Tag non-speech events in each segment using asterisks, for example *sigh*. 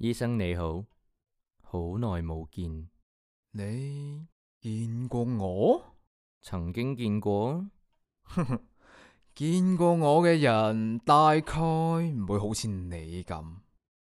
.醫生你好，好耐冇見，你見過我？曾經見過，呵呵，見過我嘅人大概唔會好似你咁。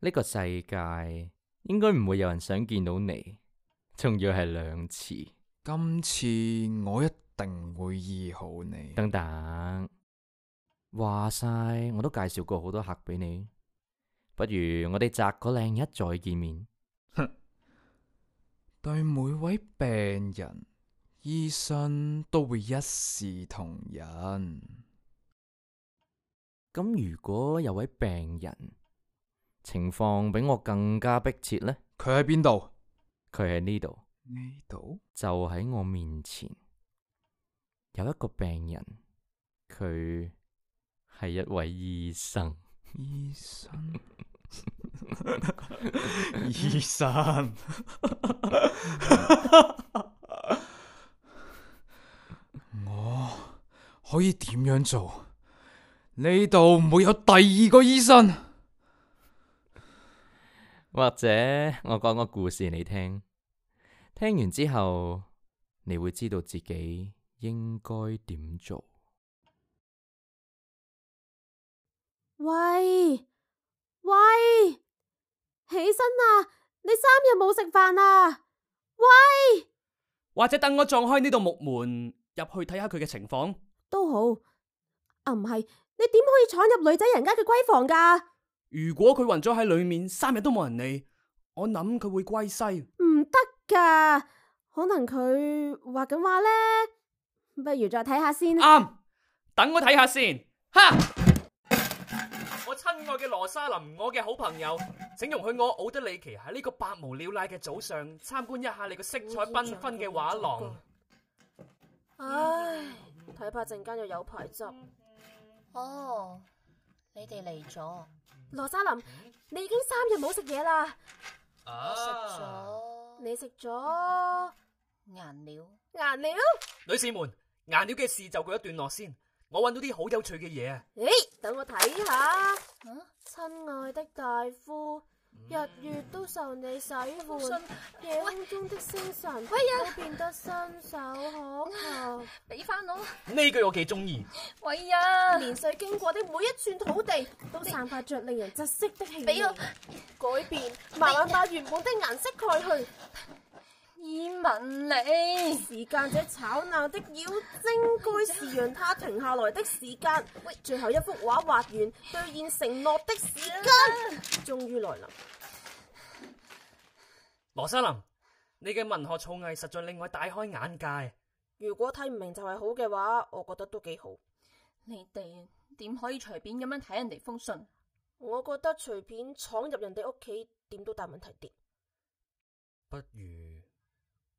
呢個世界應該唔會有人想見到你，仲要係兩次。今次我一定會醫好你。等等，話晒我都介紹過好多客俾你。不如我哋摘個靚日再見面。哼， *laughs* 對每位病人，醫生都會一視同仁。咁如果有位病人情況比我更加迫切呢？佢喺邊度？佢喺呢度。呢度到就喺我面前有一個病人，佢係一位醫生。醫生， *laughs* 醫生， *laughs* 我可以點樣做？呢度唔會有第二個醫生。或者我講個故事你聽，聽完之後你會知道自己應該點做。喂喂，起身啦，啊！你三日冇食飯啦，啊！喂，或者等我撞開呢度木門入去睇下佢嘅情況都好。啊，唔係，你點可以闖入女仔人家嘅閨房噶？如果佢暈咗喺裏面三日都冇人理，我諗佢會歸西。唔得噶，可能佢話緊話咧，不如再睇下先。啱，等我睇下先。哈。我嘅羅莎琳，我嘅好朋友，請容許我奧德里奇喺呢個百無聊賴嘅早上參觀一下你個色彩繽紛嘅畫廊。 *noise* 唉，睇怕陣間又有排執。哦、oh，你哋嚟咗。羅莎琳，你已經三日冇食嘢啦。Ah, 我食咗，你食咗顏料？顏料？女士們，顏料嘅事就告一段落先。我揾到啲好有趣嘅嘢啊！咦，等我睇下。啊，親愛的大夫，日月都受你洗換，夜空中的星辰都變得伸手可及。俾翻我。呢句我幾中意。喂呀，年歲經過的每一寸土地，都散發着令人窒息的氣味。俾我改變，慢慢把原本的顏色蓋去。以問你時間這吵鬧的妖精該是讓他停下來的時間。最後一幅畫畫完兌現承諾的時間終於來臨。羅莎林，你嘅文學造詣實在令我大開眼界。如果睇唔明就係好嘅話，我覺得都幾好。你哋點可以隨便咁樣睇人哋封信？我覺得隨便闖入人哋屋企點都大問題啲。不如。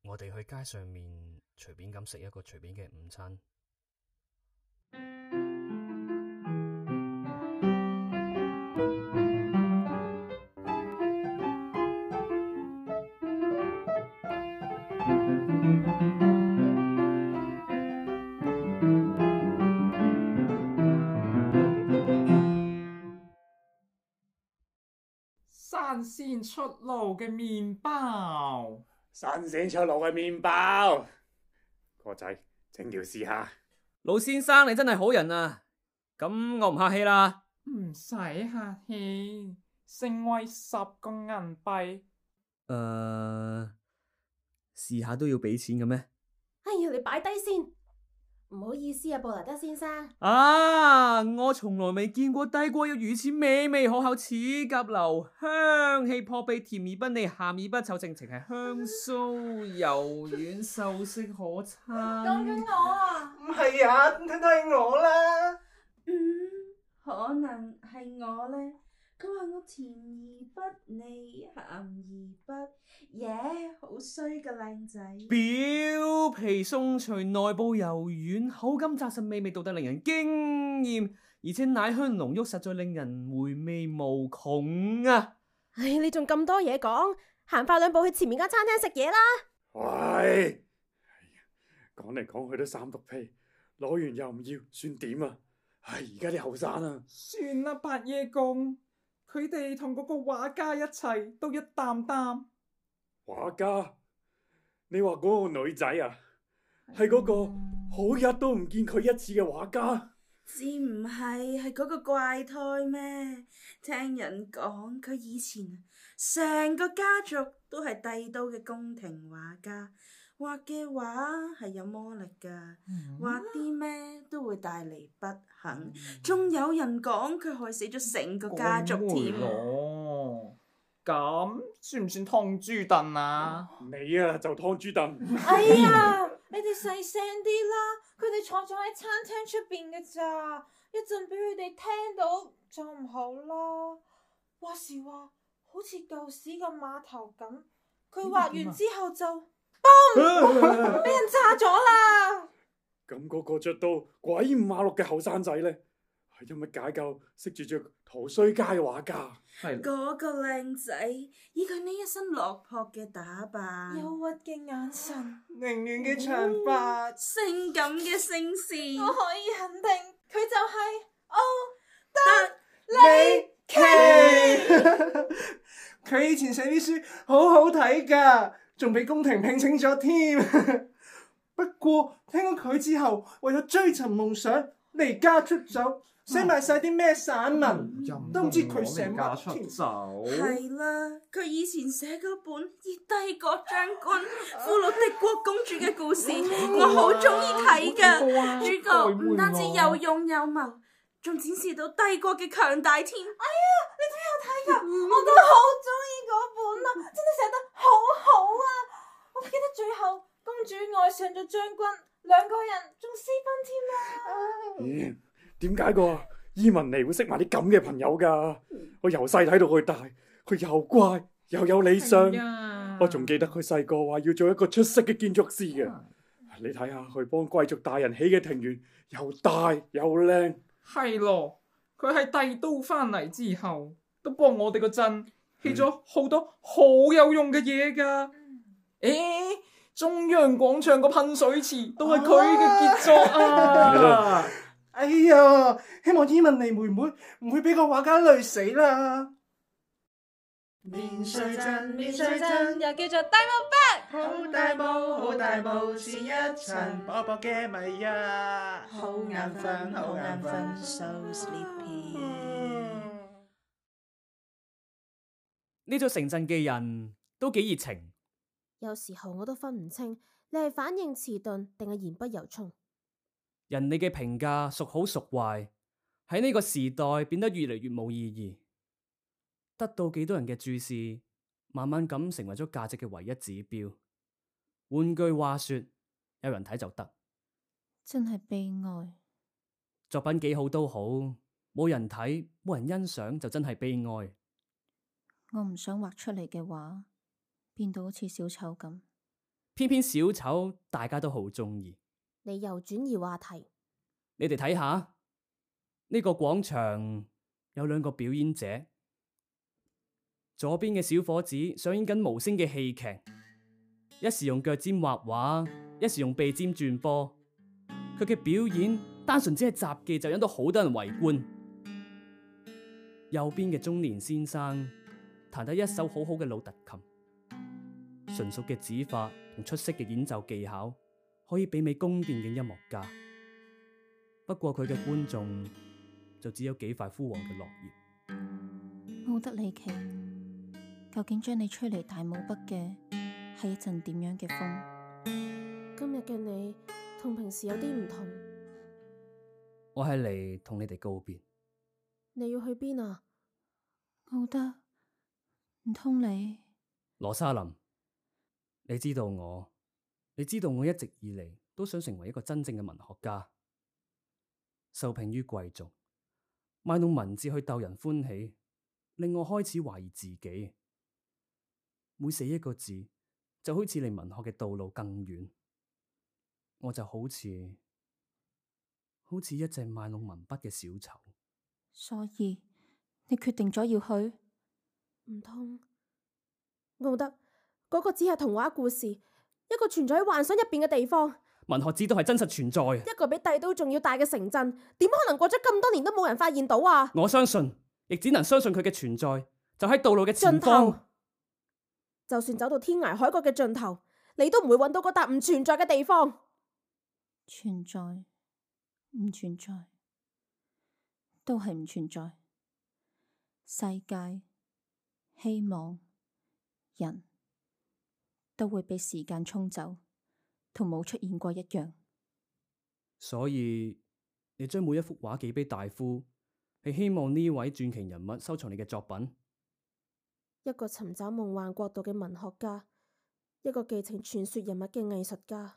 我哋去街上面隨便咁食一個隨便嘅午餐，新鮮出爐嘅麵包。新鮮出爐嘅麵包，哥仔整條試下。老先生你真係好人啊，咁我唔客氣啦。唔使客氣，承惠十個銀幣。誒、呃，試下都要畀錢嘅咩？哎呀，你擺低先。唔好意思啊，布拉德先生。啊，我從來未見過帝國有如此美味可口似甲流，香氣撲鼻，甜而不膩，鹹而不臭，正正係香酥 *laughs* 柔軟，秀色可餐。講緊我？唔係啊，肯定係我啦。可能係我呢。佢話：我甜而不膩，鹹而不嘢，好衰嘅靚仔。表皮鬆脆，內部柔軟，口感紮實，味味道得令人驚豔，而且奶香濃郁，實在令人回味無窮啊！唉、哎，你仲咁多嘢講，行快兩步去前面間餐廳食嘢啦。喂，哎呀，講嚟講去都三幅被，攞完又唔要，算點啊？唉、哎，而家啲後生啊，算啦，八爺公。佢哋同嗰個畫家一齊，都一擔擔畫家。你話嗰個女仔啊，係嗰 *laughs* 個好日都唔見佢一次嘅畫家，嗯、至唔係？係嗰個怪胎咩？聽人講，佢以前成個家族都係帝都嘅宮廷畫家。畫嘅畫係有魔力噶，畫啲咩都會帶嚟不幸。仲有人講佢害死咗成個家族添。哦，咁算唔算劏豬凳啊？ *music* 你啊就劏豬凳。 *laughs* 哎呀，你哋細聲啲啦，佢哋坐咗喺餐廳出邊嘅咋，一陣俾佢哋聽到就唔好啦。話時話好似舊時個碼頭咁，佢畫完之後就。麼幫唔俾人炸咗啦！咁嗰 *laughs* 個着到鬼五馬六嘅後生仔咧，係因為解救識住着塗衰家嘅畫家。係嗰的個靚仔，以佢呢一身落魄嘅打扮、憂鬱嘅眼神、啊、凌亂嘅長髮、嗯、性感嘅聲線，我可以肯定佢就係奧德利奇。佢 *laughs* 以前寫啲書好好睇噶。仲俾宮廷聘請咗添，不過聽講佢之後為咗追尋夢想離家出走，寫埋晒啲咩散文、嗯、都唔知佢寫乜。係啦，佢、 *laughs* 啊、以前寫嗰本《以帝國將軍俘虜敵國公主》嘅故事， *laughs* 我好中意睇噶，主角唔單止有勇有謀，仲 *laughs* 展示到帝國嘅強大添。哎呀，你都有睇噶？我都好中意嗰本啊，真係寫得好好。唱咗將軍，兩個人仲私奔添啊！咦、嗯？點解個伊文尼會,會識埋啲咁嘅朋友噶？我由細睇到佢大，佢又乖又有理想。啊、我仲記得佢細個話要做一個出色嘅建築師嘅。啊、你睇下佢幫貴族大人起嘅庭院，又大又靚。係咯，佢喺帝都翻嚟之後，都幫我哋個鎮起咗好多好有用嘅嘢噶。誒、嗯。哎中央廣場個噴水池都係佢嘅傑作。啊、哎呀，希望伊文妮妹妹唔會俾個畫家累死啦。棉絮鎮，棉絮鎮，又叫做大霧北，好大霧，好大霧是一層薄薄嘅霾呀，好眼瞓，好眼瞓，so sleepy。啊嗯。呢座城鎮嘅人都幾熱情。有時候我都分唔清你係反應遲鈍定係言不由衷。人哋嘅評價孰好孰壞，喺呢個時代變得越嚟越冇意義。得到幾多人嘅注視，慢慢咁成為咗價值嘅唯一指標。換句話說，有人睇就得。真係悲哀。作品幾好都好，冇人睇、冇人欣賞就真係悲哀。我唔想畫出嚟嘅話。變到好似小丑咁，偏偏小丑大家都好中意。你又轉移話題。你哋睇下呢個廣場有兩個表演者，左邊嘅小伙子上演緊無聲嘅戲劇，一時用腳尖畫畫，一時用鼻尖轉波。佢嘅表演單純只係雜技，就引到好多人圍觀。右邊嘅中年先生彈得一手好好嘅魯特琴。純熟嘅指法同出色嘅演奏技巧，可以媲美宮殿嘅音樂家。不過佢嘅觀眾就只有幾塊枯黃嘅落葉。奧德里奇，究竟將你吹嚟大霧北嘅係一陣點樣嘅風？今日嘅你同平時有啲唔同。我係嚟同你哋告別。你要去邊啊？奧德，唔通你？羅莎林。你知道我，你知道我一直以嚟都想成為一個真正嘅文學家，受聘於貴族，賣弄文字去逗人歡喜，令我開始懷疑自己。每寫一個字，就好似離文學嘅道路更遠，我就好似好似一隻賣弄文筆嘅小丑。所以你決定咗要去？唔通我得？嗰個只係童話故事，一個存在喺幻想入邊嘅地方。文學知道係真實存在，一個比帝都仲要大嘅城鎮，點可能過咗咁多年都冇人發現到啊？我相信，亦只能相信佢嘅存在，就喺道路嘅盡頭。就算走到天涯海角嘅盡頭，你都唔會搵到個笪唔存在嘅地方。存在，唔存在，都係唔存在。世界，希望，人。都會被時間沖走，同冇出現過一樣。所以你將每一幅畫寄俾大夫，係希望呢位傳奇人物收藏你嘅作品。一個尋找夢幻國度嘅文學家，一個寄情傳說人物嘅藝術家，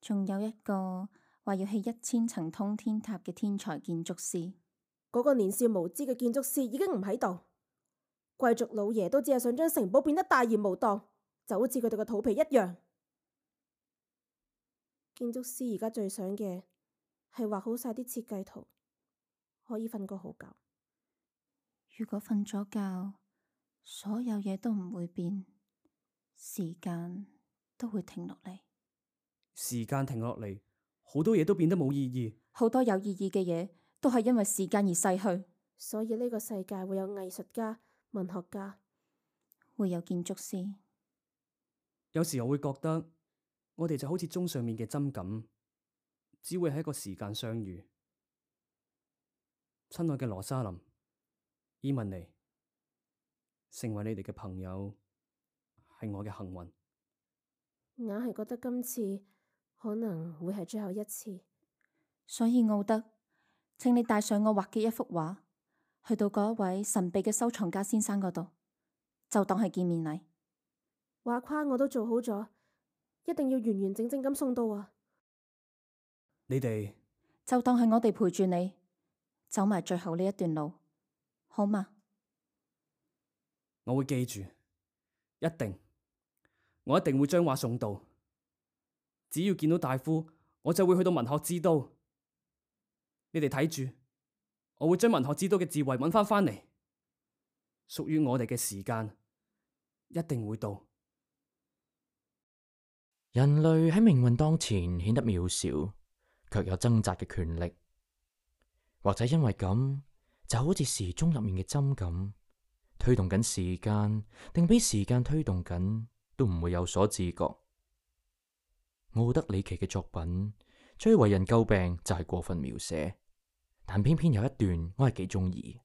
仲有一個話要起一千層通天塔嘅天才建築師。嗰個年少無知嘅建築師已經唔喺度。貴族老爺都只係想將城堡變得大而無當。就好似佢哋個肚皮一樣。建築師而家最想嘅係畫好晒啲設計圖，可以瞓個好覺。如果瞓咗覺，所有嘢都唔會變，時間都會停落嚟。時間停落嚟，好多嘢都變得冇意義，好多有意義嘅嘢都係因為時間而逝去，所以呢個世界會有藝術家、文學家，會有建築師。有時候會覺得我哋就好似鐘上面嘅針咁，只會喺一個時間相遇。親愛嘅羅莎琳、伊文尼，成為你哋嘅朋友，係我嘅幸運。硬係覺得今次可能會係最後一次，所以奧德，請你帶上我畫嘅一幅畫，去到嗰位神秘嘅收藏家先生嗰度，就當係見面禮。畫框我都做好咗，一定要完完整整咁送到啊！你哋們就當係我哋陪住你走埋最後呢一段路，好嘛？我會記住，一定，我一定會將畫送到。只要見到大夫，我就會去到文學之都。你哋睇住，我會將文學之都嘅智慧搵返返嚟，屬於我哋嘅時間一定會到。人類喺命運當前顯得渺小，却有掙扎嘅權力。或者因為咁，就好似時鐘入面嘅針咁，推動緊時間，定俾時間推動緊，都唔會有所自覺。奧德里奇嘅作品最為人詬病就係過分描寫，但偏偏有一段我係幾中意。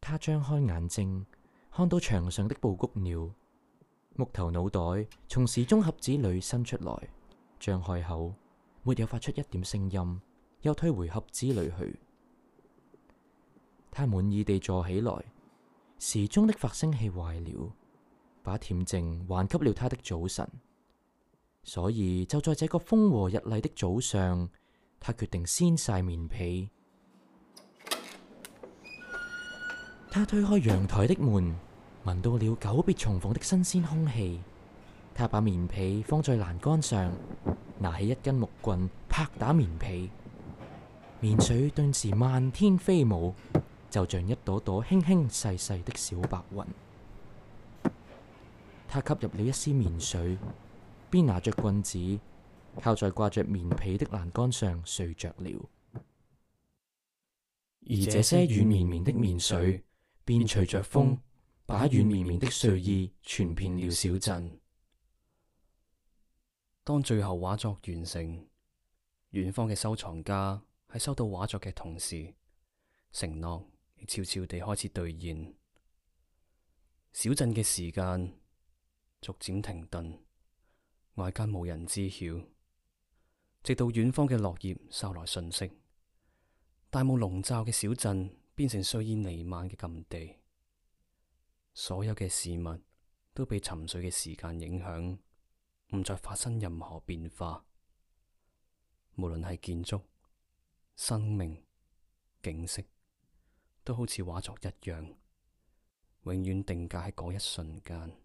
他張開眼睛，看到牆上的布谷鳥。木頭腦袋從時鐘盒子裏伸出來，張開口，沒有發出一點聲音，又退回盒子裏去。他滿意地坐起來。時鐘的發聲器壞了，把恬靜還給了他的早晨，所以就在這個風和日麗的早上，他決定先曬棉被。他推開陽台的門。聞到了久別重逢的新鮮空氣，他把棉被放在欄杆上，拿起一根木棍拍打棉被，棉絮頓時漫天飛舞，就像一朵朵輕輕細細的小白雲。他吸入了一絲棉絮，邊拿着棍子靠在掛着棉被的欄杆上睡着了，而這些軟綿綿的棉絮便隨着風。把軟綿綿的睡意傳遍了小鎮。當最後畫作完成，遠方嘅收藏家喺收到畫作嘅同時，承諾亦悄悄地開始兌現。小鎮嘅時間逐漸停頓，外間無人知曉。直到遠方嘅落葉捎來訊息，大霧籠罩嘅小鎮變成睡意彌漫嘅禁地。所有嘅事物都被沉睡嘅時間影響，唔再發生任何變化。無論係建築、生命、景色，都好似畫作一樣，永遠定格喺嗰一瞬間。